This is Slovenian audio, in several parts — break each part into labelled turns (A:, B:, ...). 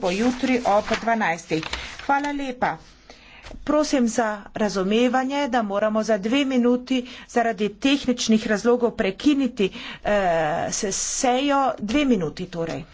A: bo jutri ob 12. Hvala lepa. Prosim za razumevanje, da moramo za dve minuti zaradi tehničnih razlogov prekiniti eh, se sejo. Dve minuti torej.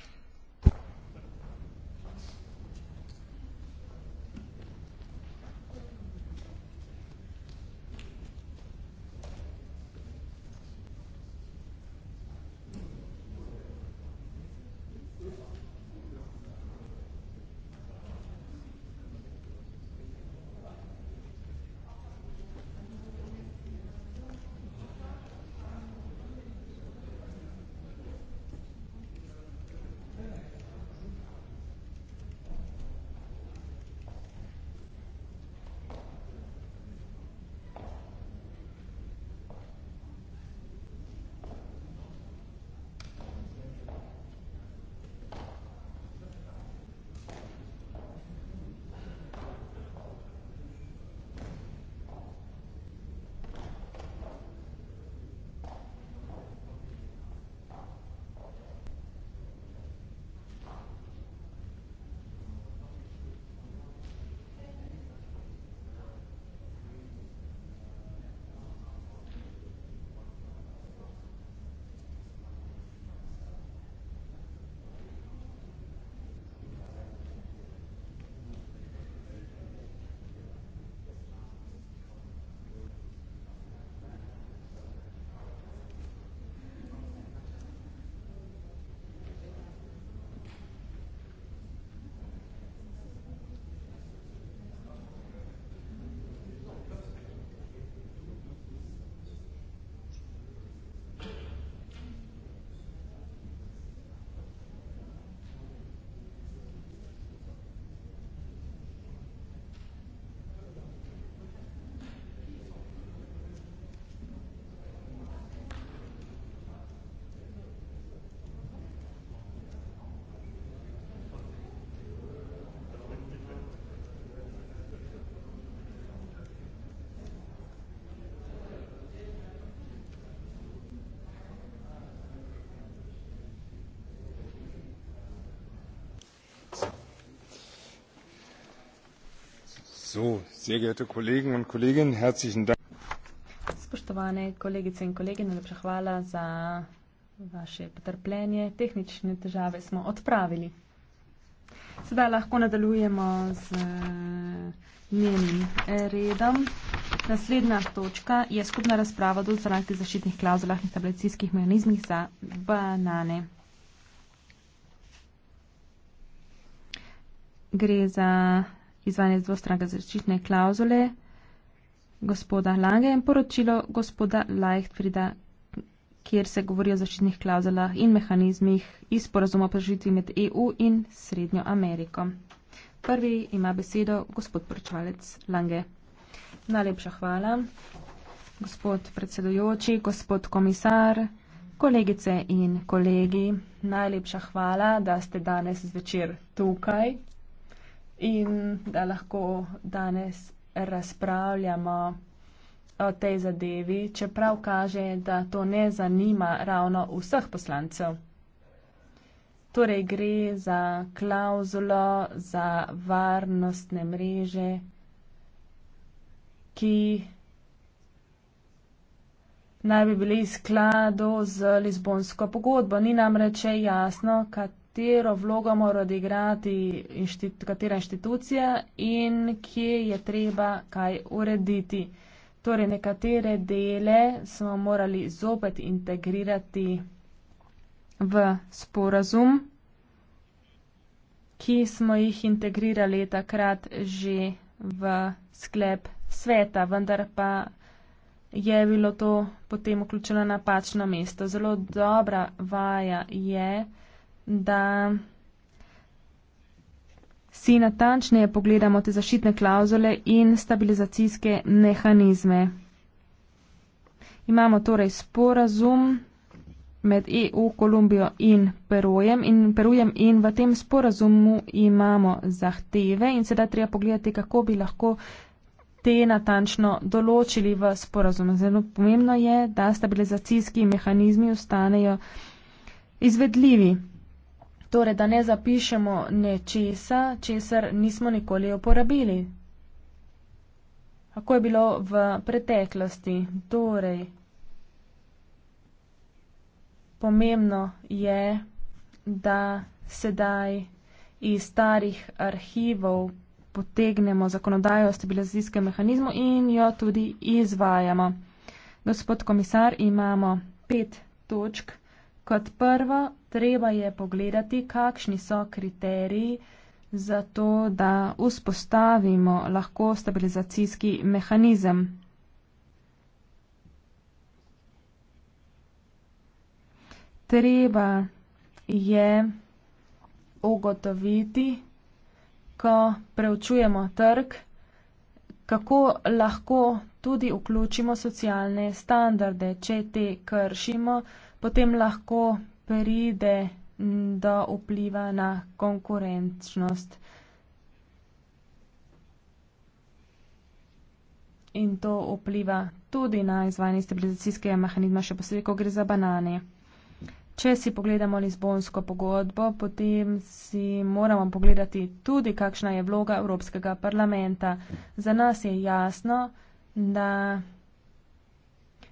B: Spoštovane kolegice in kolegi, najlepša hvala za vaše potrpljenje. Tehnične težave smo odpravili. Sedaj lahko nadaljujemo z eh, njenim redom. Naslednja točka je skupna razprava o dozoranih zaščitnih klauzulah in tablacijskih mehanizmih za banane. Gre za izvajanje dvostranke zaščitne klauzule gospoda Lange in poročilo gospoda Leichtfrida, kjer se govori o zaščitnih klauzulah in mehanizmih iz porazuma požitvi med EU in Srednjo Ameriko. Prvi ima besedo gospod poročevalec Lange. Najlepša hvala, gospod predsedujoči, gospod komisar, kolegice in kolegi. Najlepša hvala, da ste danes zvečer tukaj in da lahko danes razpravljamo o tej zadevi, čeprav kaže, da to ne zanima ravno vseh poslancev. Torej gre za klauzulo za varnostne mreže, ki naj bi bili skladu z Lizbonsko pogodbo. Ni namreč jasno, kaj katero vlogo mora odigrati inštit, katera inštitucija in kje je treba kaj urediti. Torej, nekatere dele smo morali zopet integrirati v sporazum, ki smo jih integrirali takrat že v sklep sveta, vendar pa je bilo to potem vključeno na napačno mesto. Zelo dobra vaja je, da si natančneje pogledamo te zaščitne klauzule in stabilizacijske mehanizme. Imamo torej sporazum med EU, Kolumbijo in Perujem in, Perujem in v tem sporazumu imamo zahteve in sedaj treba pogledati, kako bi lahko te natančno določili v sporazum. Zelo pomembno je, da stabilizacijski mehanizmi ostanejo izvedljivi torej da ne zapišemo nečesa, česar nismo nikoli uporabili. Kako je bilo v preteklosti? Torej, pomembno je, da sedaj iz starih arhivov potegnemo zakonodajo o stabilizacijskem mehanizmu in jo tudi izvajamo. Gospod komisar, imamo pet točk. Kot prvo treba je pogledati, kakšni so kriteriji za to, da vzpostavimo lahko stabilizacijski mehanizem. Treba je ugotoviti, ko preučujemo trg, kako lahko tudi vključimo socialne standarde. Če te kršimo, potem lahko pride do vpliva na konkurenčnost. In to vpliva tudi na izvajanje stabilizacijskega mehanizma, še posebej, ko gre za banane. Če si pogledamo Lizbonsko pogodbo, potem si moramo pogledati tudi, kakšna je vloga Evropskega parlamenta. Za nas je jasno, da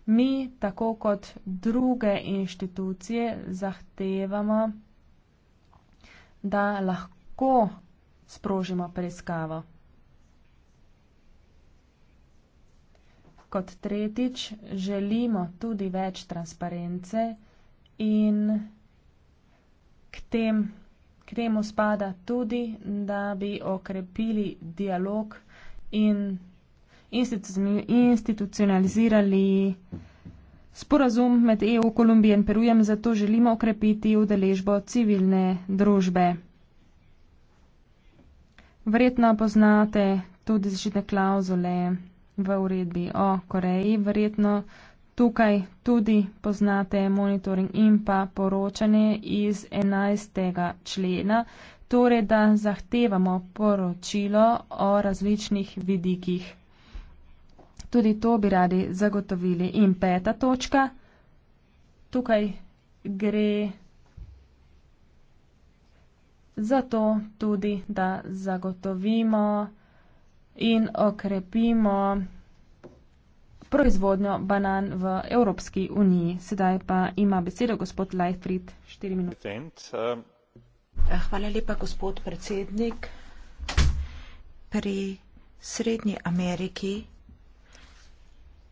B: Mi, tako kot druge inštitucije, zahtevamo, da lahko sprožimo preiskavo. Kot tretjič, želimo tudi več transparence in k, tem, k temu spada tudi, da bi okrepili dialog in institucionalizirali sporazum med EU, Kolumbijo in Perujem, zato želimo okrepiti udeležbo civilne družbe. Verjetno poznate tudi zaščitne klauzule v uredbi o Koreji, verjetno tukaj tudi poznate monitoring in pa poročanje iz 11. člena, torej da zahtevamo poročilo o različnih vidikih. Tudi to bi radi zagotovili. In peta točka, tukaj gre za to tudi, da zagotovimo in okrepimo proizvodnjo banan v Evropski uniji. Sedaj pa ima besedo
A: gospod Leifried, 4 minute. Hvala lepa, gospod predsednik. Pri Srednji Ameriki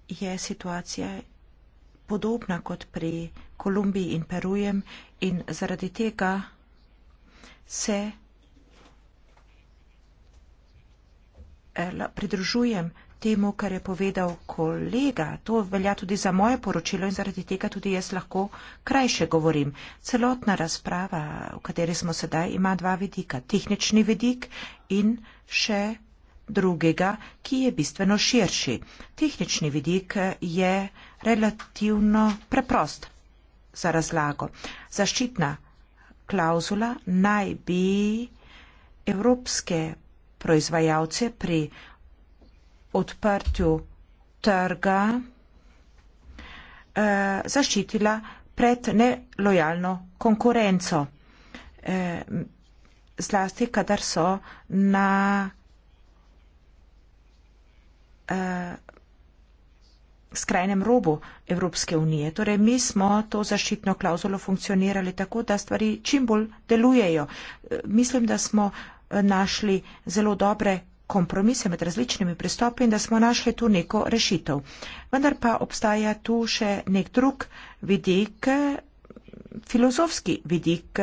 A: je situacija podobna kot pri Kolumbiji in Perujem in zaradi tega se eh, pridružujem temu, kar je povedal kolega. To velja tudi za moje poročilo in zaradi tega tudi jaz lahko krajše govorim. Celotna razprava, v kateri smo sedaj, ima dva vidika. Tehnični vidik in še drugega, ki je bistveno širši. Tehnični vidik je relativno preprost za razlago. Zaščitna klauzula naj bi evropske proizvajalce pri odprtju trga eh, zaščitila pred nelojalno konkurenco, eh, zlasti kadar so na eh, skrajnem robu Evropske unije. Torej, mi smo to zaščitno klauzulo funkcionirali tako, da stvari čim bolj delujejo. E, mislim, da smo eh, našli zelo dobre kompromise med različnimi pristopi in da smo našli tu neko rešitev. Vendar pa obstaja tu še nek drug vidik, eh, filozofski vidik,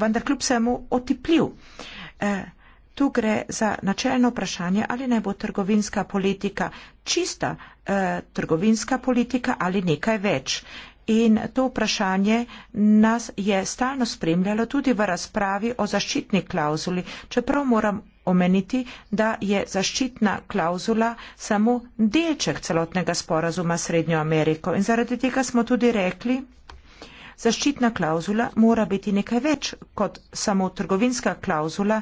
A: vendar kljub vsemu otipljiv. Eh, Tu gre za načelno vprašanje, ali naj bo trgovinska politika čista eh, trgovinska politika ali nekaj več. In to vprašanje nas je stalno spremljalo tudi v razpravi o zaščitni klauzuli, čeprav moram omeniti, da je zaščitna klauzula samo delček celotnega sporazuma s Srednjo Ameriko. In zaradi tega smo tudi rekli, zaščitna klauzula mora biti nekaj več kot samo trgovinska klauzula,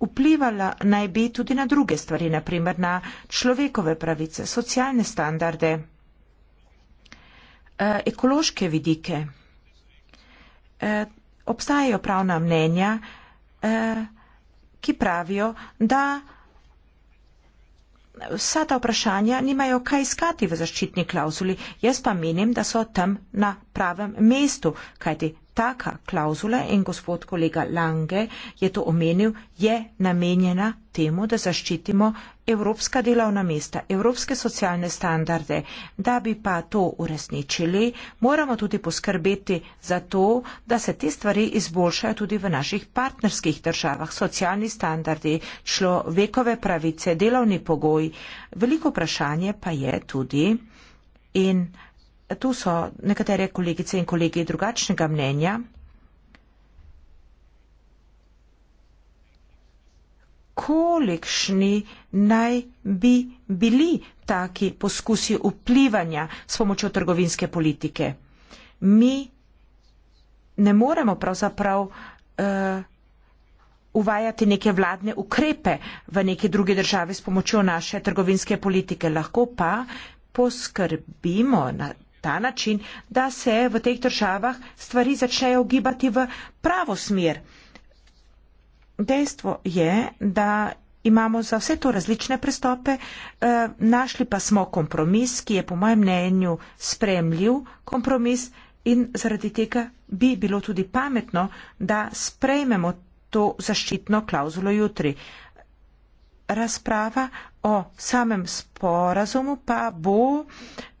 A: Vplivala naj bi tudi na druge stvari, naprimer na človekove pravice, socialne standarde, eh, ekološke vidike. Eh, obstajajo pravna mnenja, eh, ki pravijo, da vsa ta vprašanja nimajo kaj iskati v zaščitni klauzuli. Jaz pa menim, da so tam na pravem mestu, kajti taka klauzula in gospod kolega Lange je to omenil, je namenjena temu, da zaščitimo evropska delovna mesta, evropske socialne standarde. Da bi pa to uresničili, moramo tudi poskrbeti za to, da se te stvari izboljšajo tudi v naših partnerskih državah. Socialni standardi, človekove pravice, delovni pogoj. Veliko vprašanje pa je tudi in tu so nekatere kolegice in kolegi drugačnega mnenja. Kolikšni naj bi bili taki poskusi vplivanja s pomočjo trgovinske politike? Mi ne moremo pravzaprav uh, uvajati neke vladne ukrepe v neke druge države s pomočjo naše trgovinske politike, lahko pa poskrbimo na ta način, da se v teh državah stvari začnejo gibati v pravo smer. Dejstvo je, da imamo za vse to različne prestope, eh, našli pa smo kompromis, ki je po mojem mnenju spremljiv kompromis in zaradi tega bi bilo tudi pametno, da sprejmemo to zaščitno klauzulo jutri. Razprava o samem sporazumu pa bo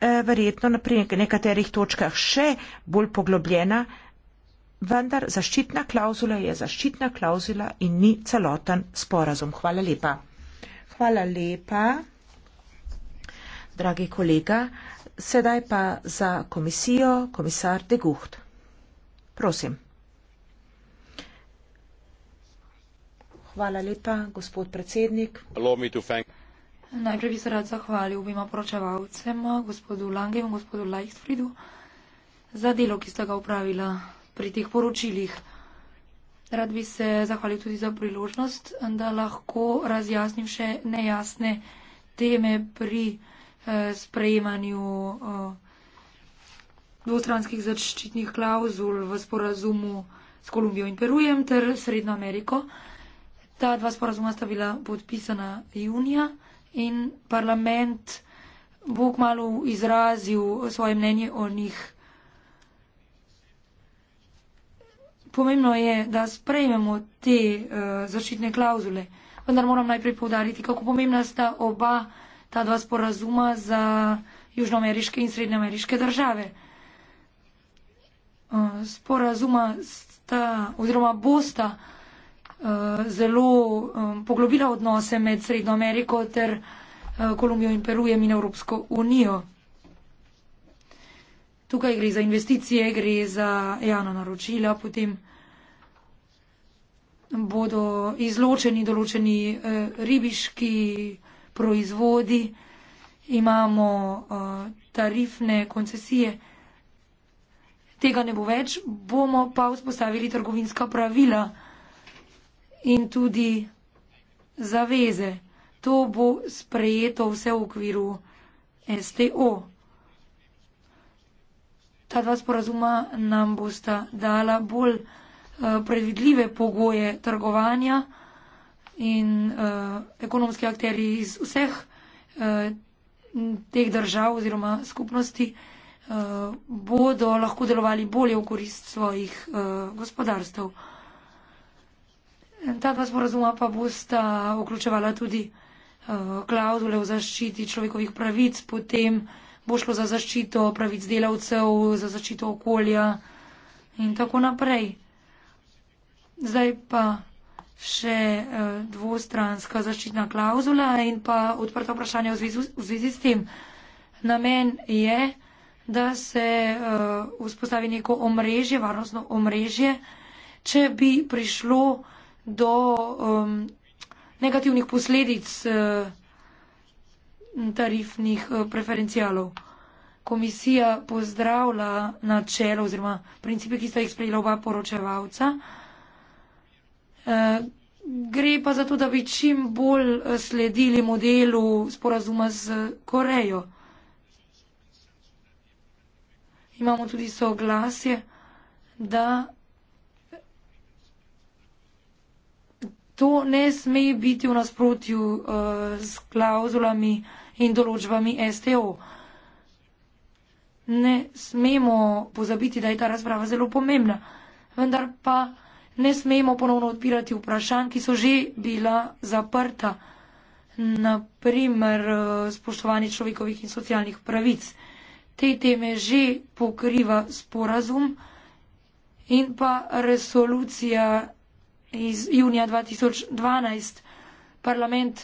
A: eh, verjetno na nekaterih točkah še bolj poglobljena, vendar zaščitna klauzula je zaščitna klauzula in ni celoten sporazum. Hvala lepa. Hvala lepa, dragi kolega. Sedaj pa za komisijo komisar De Gucht. Prosim.
C: Hvala lepa, gospod predsednik. Najprej bi se rad zahvalil obima poročevalcema, gospodu Lange in gospodu Leichtfriedu, za delo, ki sta ga upravila pri teh poročilih. Rad bi se zahvalil tudi za priložnost, da lahko razjasnim še nejasne teme pri eh, sprejemanju eh, dvostranskih zaščitnih klauzul v sporazumu s Kolumbijo in Perujem ter Srednjo Ameriko. Ta dva sporazuma sta bila podpisana junija in parlament bo kmalo izrazil svoje mnenje o njih. Pomembno je, da sprejmemo te uh, zaščitne klauzule, vendar moram najprej povdariti, kako pomembna sta oba ta dva sporazuma za južnoameriške in srednjoameriške države. Uh, sporazuma sta oziroma bosta uh, Eh, zelo um, poglobila odnose med Srednjo Ameriko ter uh, Kolumbijo in Perujem in Evropsko unijo. Tukaj gre za investicije, gre za javna naročila, potem bodo izločeni določeni uh, ribiški proizvodi, imamo uh, tarifne koncesije. Tega ne bo več, bomo pa vzpostavili trgovinska pravila in tudi zaveze. To bo sprejeto vse v okviru STO. Ta dva sporazuma nam bosta dala bolj uh, predvidljive pogoje trgovanja in uh, ekonomski akteri iz vseh uh, teh držav oziroma skupnosti uh, bodo lahko delovali bolje v korist svojih uh, gospodarstv. Ta dva sporazuma pa bosta vključevala tudi eh, klauzule uh, o zaščiti človekovih pravic, potem bo šlo za zaščito pravic delavcev, za zaščito okolja in tako naprej. Zdaj pa še uh, dvostranska zaščitna klauzula in pa odprta vprašanja v zvezi, v zvezi s tem. Namen je, da se uh, vzpostavi neko omrežje, varnostno omrežje, če bi prišlo do um, negativnih posledic um, tarifnih eh, preferencijalov. Komisija pozdravlja načelo oziroma principe, ki sta jih sprejela oba poročevalca. E, gre pa za to, da bi čim bolj sledili modelu sporazuma z Korejo. Imamo tudi soglasje, da to ne sme biti v nasprotju uh, s klauzulami in določbami STO. Ne smemo pozabiti, da je ta razprava zelo pomembna, vendar pa ne smemo ponovno odpirati vprašanj, ki so že bila zaprta, naprimer eh, spoštovanje človekovih in socialnih pravic. Te teme že pokriva sporazum in pa resolucija iz junija 2012. Parlament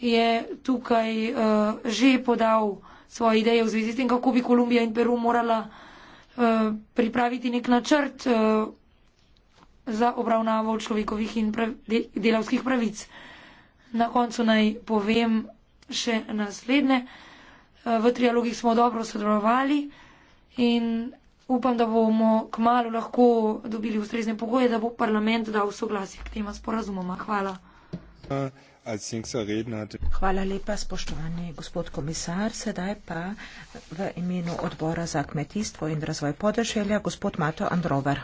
C: je tukaj uh, že podal svoje ideje v zvezi s tem, kako bi Kolumbija in Peru morala uh, pripraviti nek načrt uh, za obravnavo človekovih in prav, de, delavskih pravic. Na koncu naj povem še naslednje. Uh, v trialogih smo dobro sodelovali in upam, da bomo kmalo lahko dobili ustrezne pogoje, da bo parlament dal soglasje k tema sporazumoma. Hvala. Hvala lepa, spoštovani gospod
A: komisar. Sedaj pa v imenu odbora za kmetijstvo in razvoj podeželja gospod Mato Androver.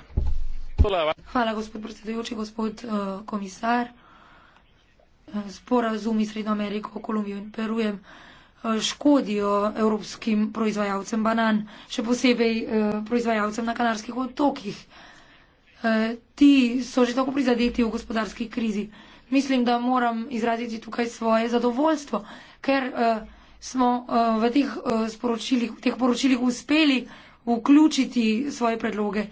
C: Hvala, gospod predsedujoči, gospod uh, komisar. Eh, sporazumi Srednjo Ameriko, Kolumbijo in Perujem škodijo evropskim proizvajalcem banan, še posebej eh, proizvajalcem na Kanarskih otokih. Eh, ti so že tako prizadeti v gospodarski krizi. Mislim, da moram izraziti tukaj svoje zadovoljstvo, ker eh, smo v teh, v teh poročilih uspeli vključiti svoje predloge.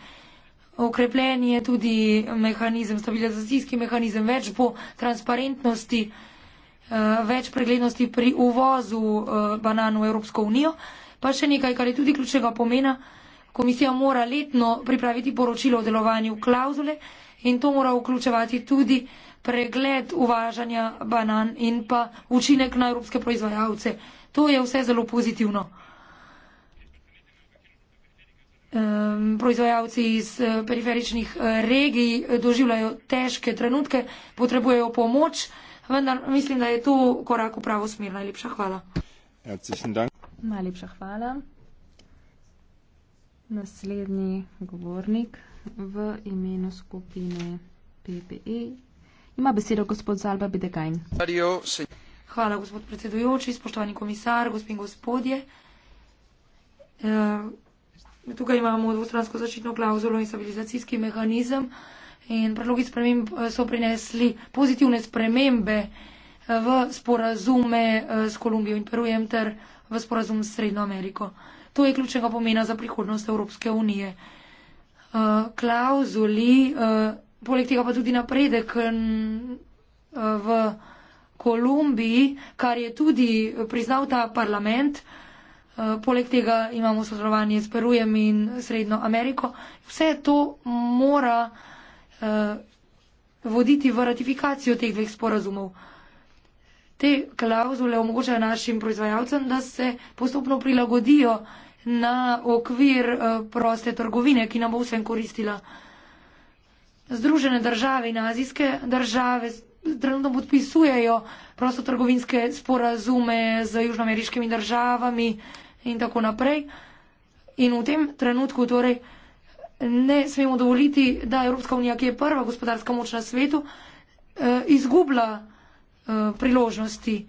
C: Okrepljen je tudi mehanizem, stabilizacijski mehanizem, več bo transparentnosti, Eh, več preglednosti pri uvozu eh, banan v Evropsko unijo. Pa še nekaj, kar je tudi ključnega pomena. Komisija mora letno pripraviti poročilo o delovanju klauzule in to mora vključevati tudi pregled uvažanja banan in pa učinek na evropske proizvajalce. To je vse zelo pozitivno. Um, proizvajalci iz eh, periferičnih regij doživljajo težke trenutke, potrebujejo pomoč vendar mislim, da je tu korak v pravo smer. Najlepša hvala. Najlepša hvala.
B: Naslednji govornik v imenu skupine PPE ima
A: besedo
C: gospod Zalba Bidegajn. Hvala, gospod predsedujoči, spoštovani komisar, gospod in gospodje. E, tukaj imamo dvostransko zaščitno klauzulo in stabilizacijski mehanizem. E, in predlogi sprememb eh, so prinesli pozitivne spremembe eh, v sporazume eh, s Kolumbijo in Perujem ter v sporazum s Srednjo Ameriko. To je ključnega pomena za prihodnost Evropske unije. Klauzuli, poleg tega pa tudi napredek v Kolumbiji, kar je tudi priznal ta parlament. Poleg tega imamo sodelovanje s Perujem in Srednjo Ameriko. Vse to mora Eh, voditi v ratifikacijo teh dveh sporazumov. Te klauzule omogočajo našim proizvajalcem, da se postopno prilagodijo na okvir eh, proste trgovine, ki nam bo vsem koristila. Združene države in azijske države trenutno podpisujejo prosto trgovinske sporazume z južnoameriškimi državami in tako naprej. In v tem trenutku torej ne smemo dovoliti, da Evropska unija, ki je prva gospodarska moč na svetu, eh, izgubila eh, priložnosti.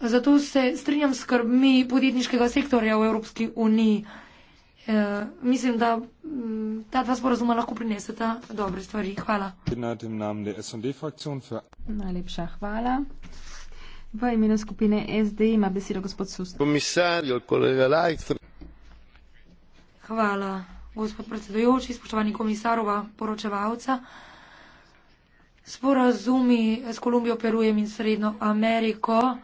C: Zato se strinjam s skrbmi podjetniškega sektorja v Evropski uniji. E, mislim, da mm, ta dva sporazuma lahko prineseta dobre stvari. Hvala. Najlepša hvala. V imenu skupine SD ima besedo
B: gospod Sust. Komisar, kolega Lajstr.
C: Hvala gospod predsedujoči, spoštovani komisarova poročevalca. Sporazumi s Kolumbijo, Perujem in Srednjo Ameriko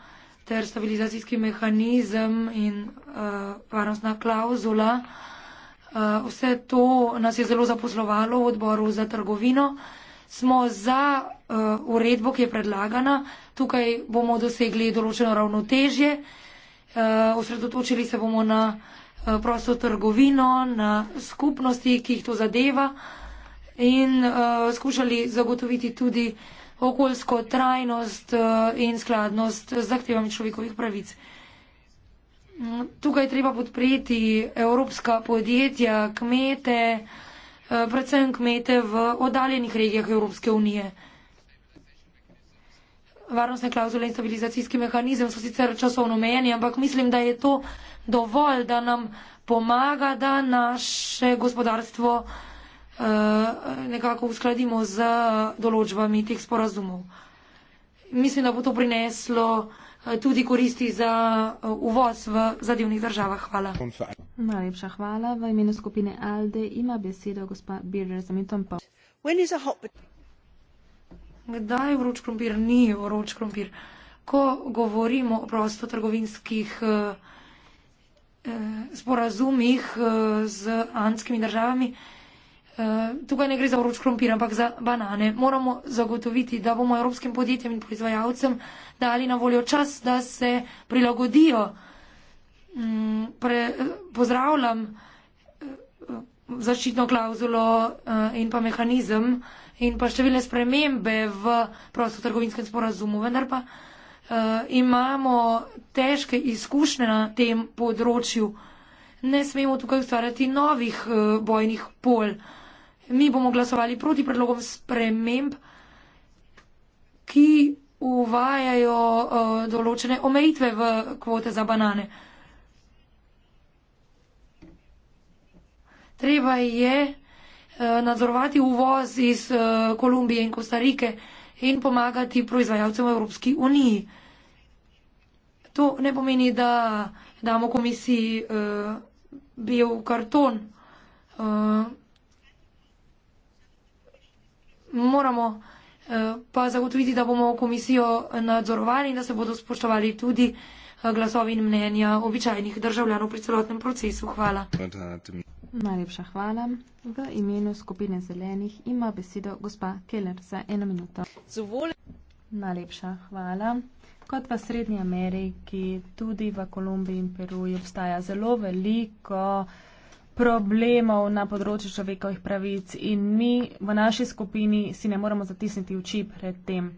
C: ter stabilizacijski mehanizem in uh, varnostna klauzula. Uh, eh, vse to nas je zelo zaposlovalo v odboru za trgovino. Smo za uh, uredbo, ki je predlagana. Tukaj bomo dosegli določeno ravnotežje. Uh, osredotočili se bomo na uh, Eh, prosto trgovino, na skupnosti, ki jih to zadeva in uh, skušali zagotoviti tudi okoljsko trajnost uh, in skladnost z zahtevami človekovih pravic. Mm, tukaj treba podpreti evropska podjetja, kmete, uh, predvsem kmete v oddaljenih regijah Evropske unije. Uh, varnostne klauzule in stabilizacijski mehanizem so sicer časovno omejeni, ampak mislim, da je to dovolj, da nam pomaga, da naše gospodarstvo uh, nekako uskladimo z določbami teh sporazumov. Mislim, da bo to prineslo eh, tudi koristi za eh, uvoz v zadevnih državah. Hvala.
B: Najlepša hvala. V imenu skupine ALDE
C: ima besedo gospa Birger Zamitompa. Kdaj je vroč krompir? Ni vroč krompir. Ko govorimo o prostotrgovinskih eh, eh, sporazumih eh, z anskimi državami, eh, tukaj ne gre za vroč krompir, ampak za banane. Moramo zagotoviti, da bomo evropskim podjetjem in proizvajalcem dali na voljo čas, da se prilagodijo. Mm, pre, pozdravljam eh, eh, zaščitno klauzulo eh, in pa mehanizem. Eh, in pa številne spremembe v prostotrgovinskem sporazumu, vendar pa uh, imamo težke izkušnje na tem področju. Ne smemo tukaj ustvarjati novih uh, bojnih pol. Mi bomo glasovali proti predlogom sprememb, ki uvajajo uh, določene omejitve v kvote za banane. Treba je Eh, nadzorovati uvoz iz eh, Kolumbije in Kostarike in pomagati proizvajalcem v Evropski uniji. To ne pomeni, da damo komisiji eh, bil karton. Moramo pa zagotoviti, da bomo komisijo nadzorovali in da se bodo spoštovali tudi glasovi in mnenja običajnih državljanov pri celotnem procesu. Hvala. Hvala. Najlepša hvala.
B: V imenu skupine zelenih ima besedo gospa Keller za eno minuto. Zvoljim. Najlepša hvala. Kot v Srednji Ameriki, tudi v Kolumbiji in Peruji obstaja zelo veliko problemov na področju človekovih pravic in mi v naši skupini si ne moremo zatisniti oči pred tem.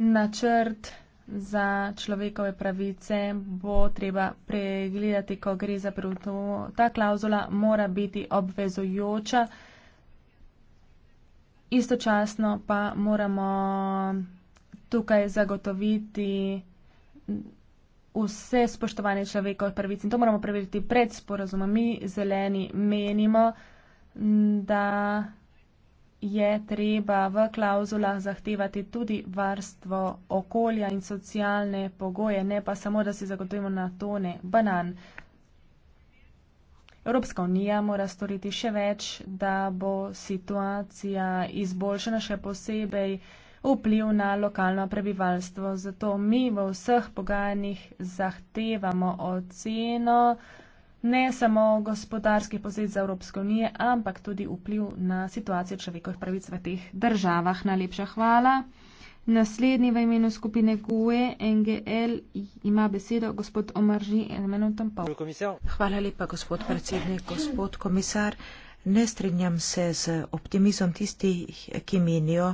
B: Načrt za človekove pravice bo treba pregledati, ko gre za prvotno. Ta klauzula mora biti obvezujoča. Istočasno pa moramo tukaj zagotoviti vse spoštovanje človekovih pravic in to moramo preveriti pred sporazumom. Mi zeleni menimo, da je treba v klauzulah zahtevati tudi varstvo okolja in socialne pogoje, ne pa samo, da si zagotovimo na tone banan. Evropska unija mora storiti še več, da bo situacija izboljšana še posebej vpliv na lokalno prebivalstvo. Zato mi v vseh pogajanjih zahtevamo oceno, ne samo gospodarski posled za Evropsko unijo, ampak tudi vpliv na situacijo človekovih pravic v teh državah. Najlepša hvala. Naslednji v imenu skupine GUE NGL ima besedo gospod Omarži Elmenotom
A: Pavl. Hvala lepa, gospod predsednik, gospod komisar. Ne strinjam se z optimizom tistih, ki menijo,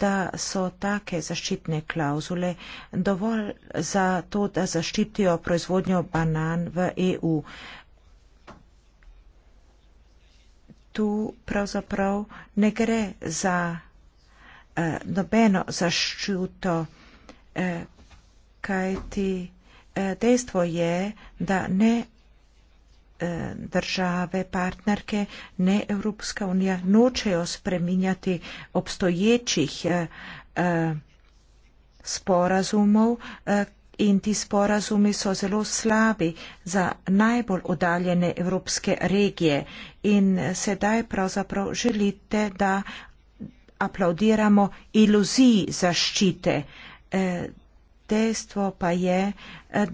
A: da so take zaščitne klauzule dovolj za to, da zaščitijo proizvodnjo banan v EU. tu pravzaprav ne gre za eh, nobeno zaščito, eh, kajti eh, dejstvo je, da ne eh, države, partnerke, ne Evropska unija nočejo spreminjati obstoječih eh, eh sporazumov, eh, in ti sporazumi so zelo slabi za najbolj oddaljene evropske regije. In sedaj pravzaprav želite, da aplaudiramo iluziji zaščite. E, dejstvo pa je,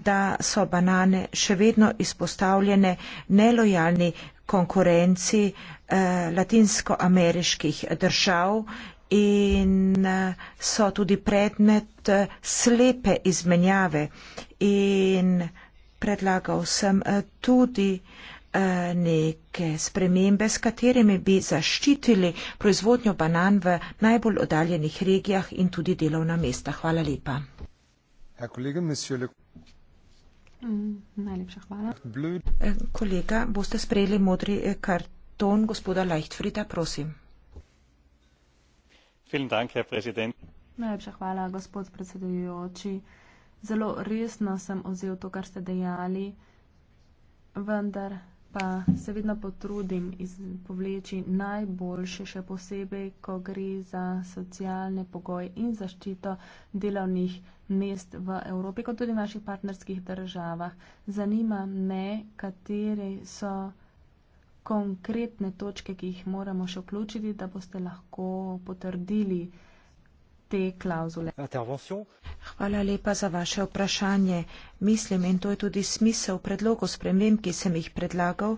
A: da so banane še vedno izpostavljene nelojalni konkurenci eh, latinskoameriških držav in eh, so tudi predmet eh, slepe izmenjave. In predlagal sem eh, tudi neke spremembe, s katerimi bi zaščitili proizvodnjo banan v najbolj oddaljenih regijah in tudi delovna mesta. Hvala lepa. Mm, najlepša hvala. Kolega, boste sprejeli modri karton gospoda Leichtfrida, prosim.
C: Najlepša
B: hvala, gospod predsedujoči. Zelo resno sem ozel to, kar ste dejali, vendar pa se vedno potrudim povleči najboljše, še posebej, ko gre za socialne pogoje in zaščito delovnih mest v Evropi, kot tudi v naših partnerskih državah. Zanima me, katere so konkretne točke, ki jih moramo še vključiti, da boste lahko potrdili
A: te klauzule. Hvala lepa za vaše vprašanje. Mislim, in to je tudi smisel predlogov sprememb, ki sem jih predlagal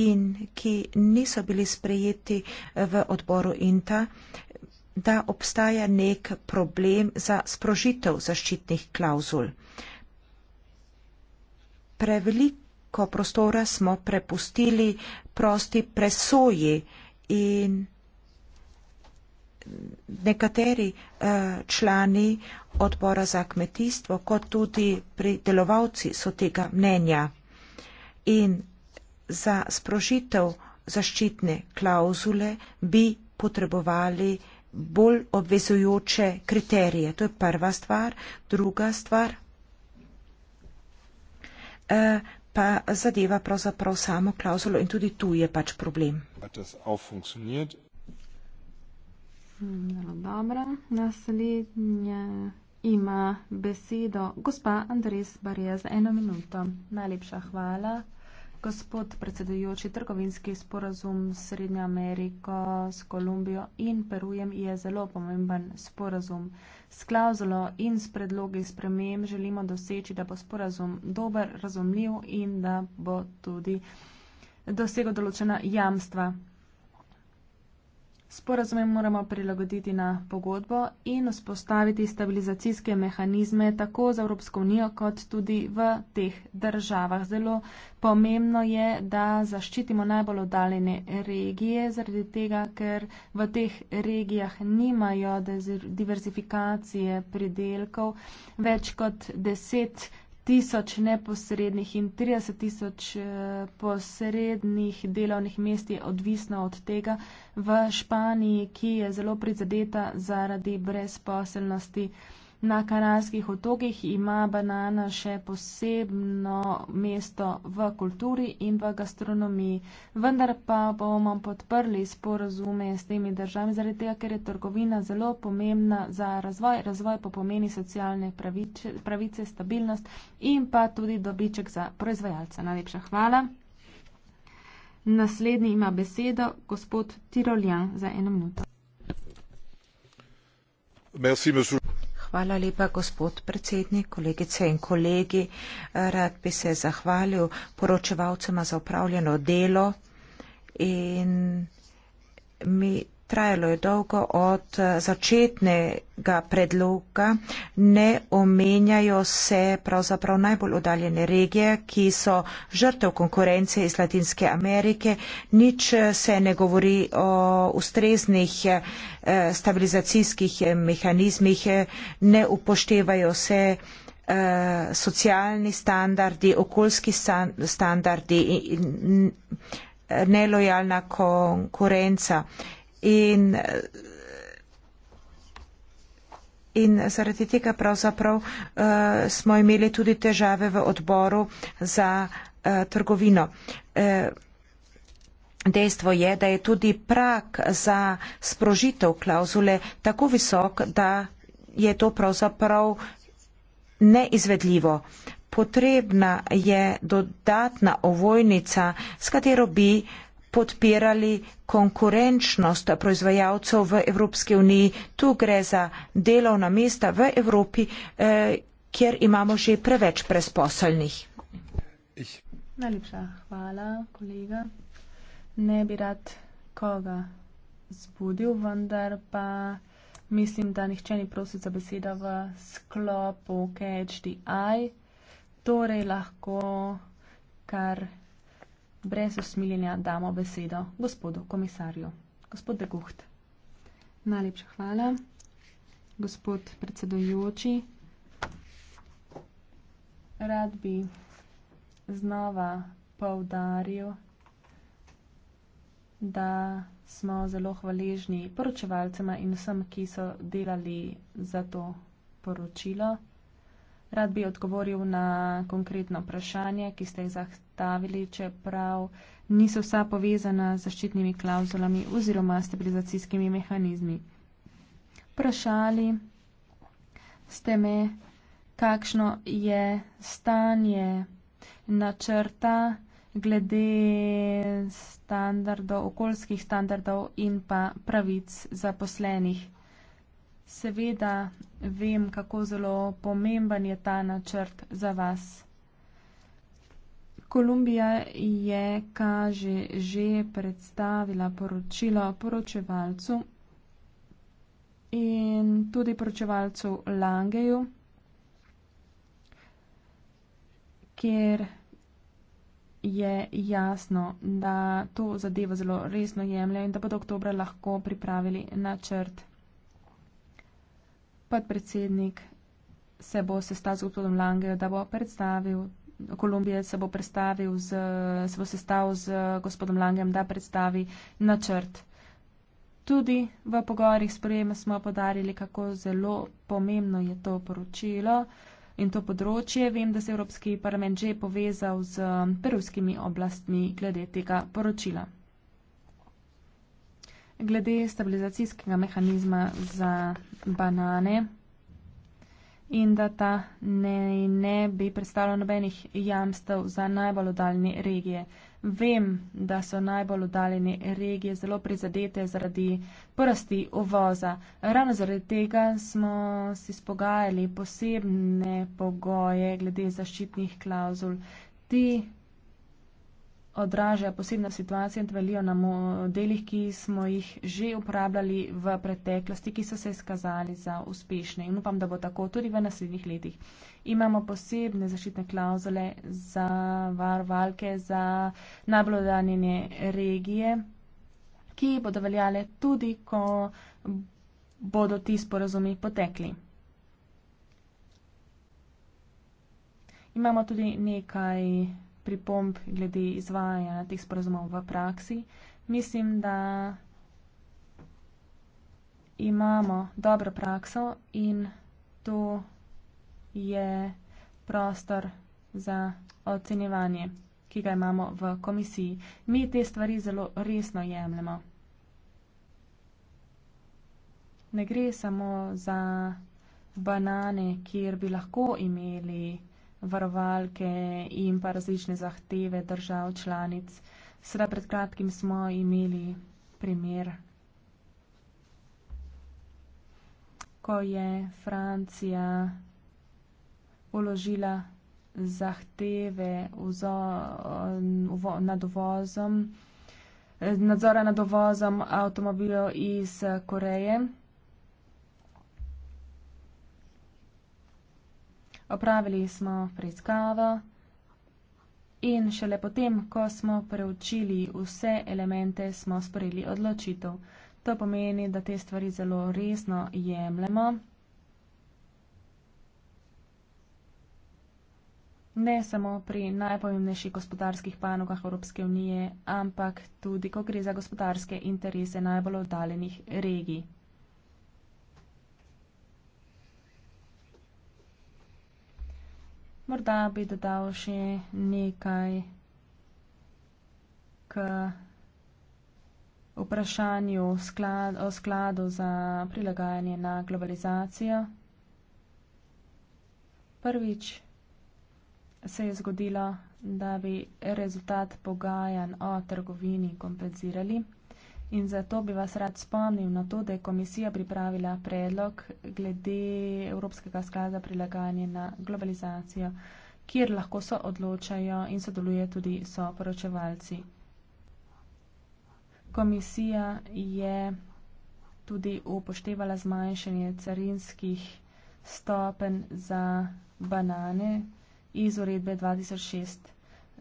A: in ki niso bili sprejeti v odboru INTA, da obstaja nek problem za sprožitev zaščitnih klauzul. Prevelik ko prostora smo prepustili prosti presoji in nekateri eh, člani odbora za kmetijstvo, kot tudi pridelovalci so tega mnenja. In za sprožitev zaščitne klauzule bi potrebovali bolj obvezujoče kriterije. To je prva stvar. Druga stvar. Eh, pa zadeva pravzaprav samo klauzulo in tudi tu je pač problem. Hmm, dobro,
B: naslednje ima besedo gospa Andres Barjez, eno minuto. Najlepša hvala. Gospod predsedujoči, trgovinski sporazum s Srednjo Ameriko, s Kolumbijo in Perujem je zelo pomemben sporazum. S klauzulo in s predlogi sprememb želimo doseči, da bo sporazum dober, razumljiv in da bo tudi dosego določena jamstva. Sporazume moramo prilagoditi na pogodbo in vzpostaviti stabilizacijske mehanizme tako za Evropsko unijo, kot tudi v teh državah. Zelo pomembno je, da zaščitimo najbolj oddaljene regije, zaradi tega, ker v teh regijah nimajo diverzifikacije pridelkov. Več kot deset tisoč neposrednih in 30 tisoč eh, posrednih delovnih mest je odvisno od tega v Španiji, ki je zelo prizadeta zaradi brezposelnosti. Na Kanarskih otokih ima banana še posebno mesto v kulturi in v gastronomiji, vendar pa bomo podprli sporozume s temi državami, zaradi tega, ker je trgovina zelo pomembna za razvoj. Razvoj pa pomeni socialne pravice, pravice stabilnost in pa tudi dobiček za proizvajalca. Najlepša hvala. Naslednji
A: ima besedo gospod Tiroljan za eno minuto. Merci, Hvala lepa, gospod predsednik, kolegice in kolegi. Rad bi se zahvalil poročevalcema za upravljeno delo in mi trajalo je dolgo od eh, začetnega predloga, ne omenjajo se pravzaprav najbolj udaljene regije, ki so žrtev konkurence iz Latinske Amerike, nič eh, se ne govori o ustreznih eh, stabilizacijskih mehanizmih, ne upoštevajo se socialni standardi, okoljski standardi in nelojalna konkurenca in, in zaradi tega pravzaprav uh, smo imeli tudi težave v odboru za uh, trgovino. Uh, Dejstvo je, da je tudi prak za sprožitev klauzule tako visok, da je to pravzaprav neizvedljivo. Potrebna je dodatna ovojnica, s katero bi uh, podpirali konkurenčnost proizvajalcev v Evropske uniji. Tu gre za delovna mesta v Evropi, eh, kjer imamo že preveč presposelnih.
B: Najlepša hvala, kolega. Ne bi rad koga zbudil, vendar pa mislim, da nihče ni prosil za besedo v sklopu KHDI. Torej lahko kar brez usmiljenja damo besedo gospodu komisarju. Gospod de Gucht. Najlepša hvala. Gospod predsedojoči, rad bi znova povdaril, da smo zelo hvaležni poročevalcema in vsem, ki so delali za to poročilo. Rad bi odgovoril na konkretno vprašanje, ki ste jih zahtevali izpostavili, čeprav niso vsa povezana z zaščitnimi klauzulami oziroma stabilizacijskimi mehanizmi. Vprašali ste me, kakšno je stanje načrta glede standardov, okoljskih standardov in pa pravic zaposlenih. Seveda vem, kako zelo pomemben je ta načrt za vas. Kolumbija je, kaže, že predstavila poročilo poročevalcu in tudi poročevalcu Langeju, kjer je jasno, da to zadevo zelo resno jemlje in da bodo oktobra lahko pripravili načrt. Podpredsednik se bo sestal z gospodom Langejo, da bo predstavil Kolumbije se bo, z, se bo sestal z gospodom Langem, da predstavi načrt. Tudi v pogovorih s projemom smo podarili, kako zelo pomembno je to poročilo in to področje. Vem, da se je Evropski parlament že povezal z peruskimi oblastmi glede tega poročila. Glede stabilizacijskega mehanizma za banane in da ta ne, ne bi predstavljal nobenih jamstev za najbolj oddaljene regije. Vem, da so najbolj oddaljene regije zelo prizadete zaradi porasti uvoza. Ravno zaradi tega smo si spogajali posebne pogoje glede zaščitnih klauzul. Ti odražajo posebne situacije in tvelijo na modelih, ki smo jih že uporabljali v preteklosti, ki so se izkazali za uspešne in upam, da bo tako tudi v naslednjih letih. Imamo posebne zaščitne klauzule za varvalke, za nablodanjene regije, ki bodo veljale tudi, ko bodo ti sporazumi potekli. Imamo tudi nekaj pripomb glede izvajanja teh sporazumov v praksi. Mislim, da imamo dobro prakso in to je prostor za ocenjevanje, ki ga imamo v komisiji. Mi te stvari zelo resno jemljemo. Ne gre samo za banane, kjer bi lahko imeli varovalke in pa različne zahteve držav članic. Sedaj pred kratkim smo imeli primer, ko je Francija uložila zahteve vzo, uvo, nad uvozom, eh, nadzora nad uvozom avtomobilov iz Koreje. Opravili smo preiskavo in šele potem, ko smo preučili vse elemente, smo sprejeli odločitev. To pomeni, da te stvari zelo resno jemljemo. Ne samo pri najpomembnejših gospodarskih panogah Evropske unije, ampak tudi, ko gre za gospodarske interese najbolj oddaljenih regij. Morda bi dodal še nekaj k vprašanju sklad, o skladu za prilagajanje na globalizacijo. Prvič se je zgodilo, da bi rezultat pogajanj o trgovini kompenzirali. In zato bi vas rad spomnil na to, da je komisija pripravila predlog glede Evropskega sklada prilagajanja na globalizacijo, kjer lahko so odločajo in sodeluje tudi so poročevalci. Komisija je tudi upoštevala zmanjšanje carinskih stopen za banane iz uredbe 2006.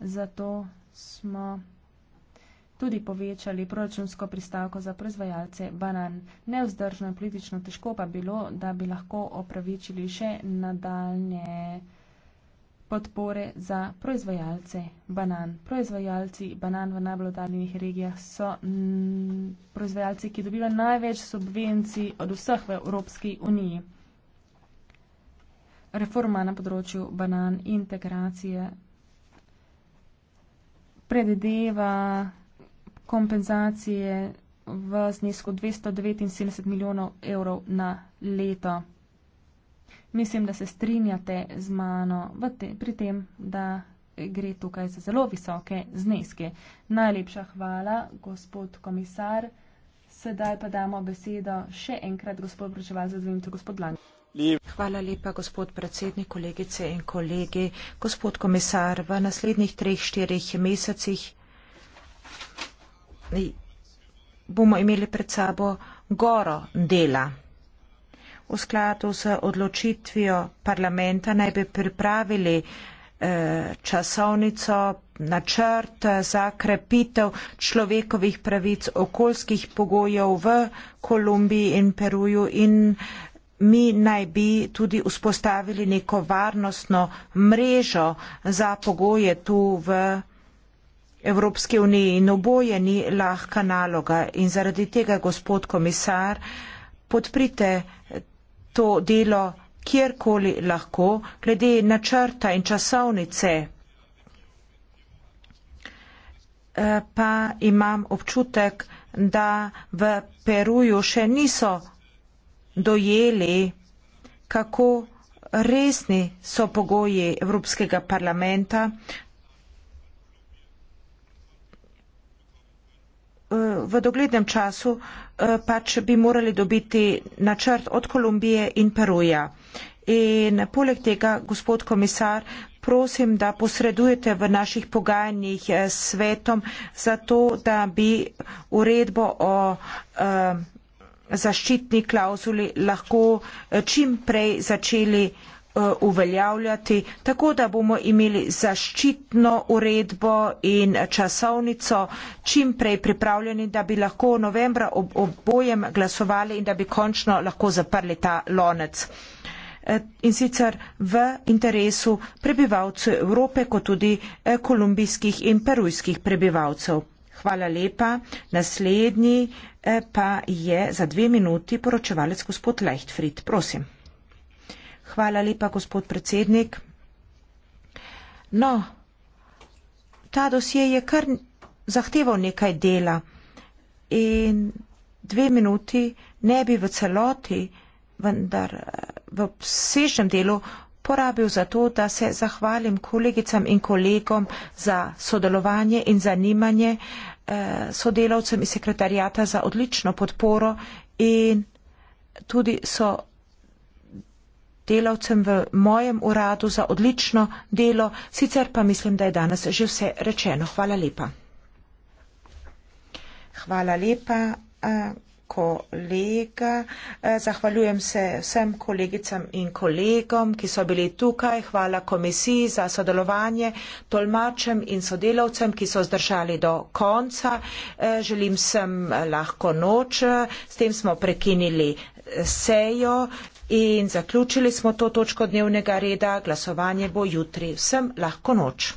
B: Zato smo tudi povečali proračunsko pristavko za proizvajalce banan. Neuzdržno in politično težko pa bilo, da bi lahko opravičili še nadaljne podpore za proizvajalce banan. Proizvajalci banan v najbolj oddaljenih regijah so mm, proizvajalci, ki dobivajo največ subvencij od vseh v Evropski uniji. Reforma na področju banan integracije predvideva kompenzacije v znesku 279 milijonov evrov na leto. Mislim, da se strinjate z mano te, pri tem, da gre tukaj za zelo visoke zneske. Najlepša hvala, gospod komisar. Sedaj pa damo besedo še enkrat gospod Brčeval,
A: zazvimte gospod Lani. Hvala lepa, gospod predsednik, kolegice in kolegi. Gospod komisar, v naslednjih treh, štirih mesecih bomo imeli pred sabo goro dela. V skladu z odločitvijo parlamenta naj bi pripravili eh, časovnico, načrt za krepitev človekovih pravic, okoljskih pogojev v Kolumbiji in Peruju in mi naj bi tudi vzpostavili neko varnostno mrežo za pogoje tu v Evropske unije in oboje ni lahka naloga in zaradi tega, gospod komisar, podprite to delo kjerkoli lahko, glede načrta in časovnice. Eh, pa imam občutek, da v Peruju še niso dojeli, kako resni so pogoji Evropskega parlamenta, v doglednem času eh, pač bi morali dobiti načrt od Kolumbije in Peruja. In poleg tega, gospod komisar, prosim, da posredujete v naših pogajanjih eh, s svetom za to, da bi uredbo o eh, zaščitni klauzuli lahko čim prej začeli Eh, uveljavljati, tako da bomo imeli zaščitno uredbo in časovnico čim prej pripravljeni, da bi lahko novembra ob obojem glasovali in da bi končno lahko zaprli ta lonec. Eh, in sicer v interesu prebivalcev Evrope, kot tudi eh, kolumbijskih in perujskih prebivalcev. Hvala lepa. Naslednji pa je za dve minuti poročevalec gospod Leichtfried. Prosim. Hvala lepa, gospod predsednik. No, ta dosje je kar zahteval nekaj dela in dve minuti ne bi v celoti, vendar v obsežnem delu porabil za to, da se zahvalim kolegicam in kolegom za sodelovanje in zanimanje, eh, sodelavcem iz sekretarijata za odlično podporo in tudi so delavcem v mojem uradu za odlično delo, sicer pa mislim, da je danes že vse rečeno. Hvala lepa. Hvala lepa, eh, kolega. Eh, zahvaljujem se vsem kolegicam in kolegom, ki so bili tukaj. Hvala komisiji za sodelovanje, tolmačem in sodelavcem, ki so zdržali do konca. Eh, želim sem lahko noč. S tem smo prekinili sejo In zaključili smo to točko dnevnega reda, glasovanje bo jutri. Vsem lahko noč.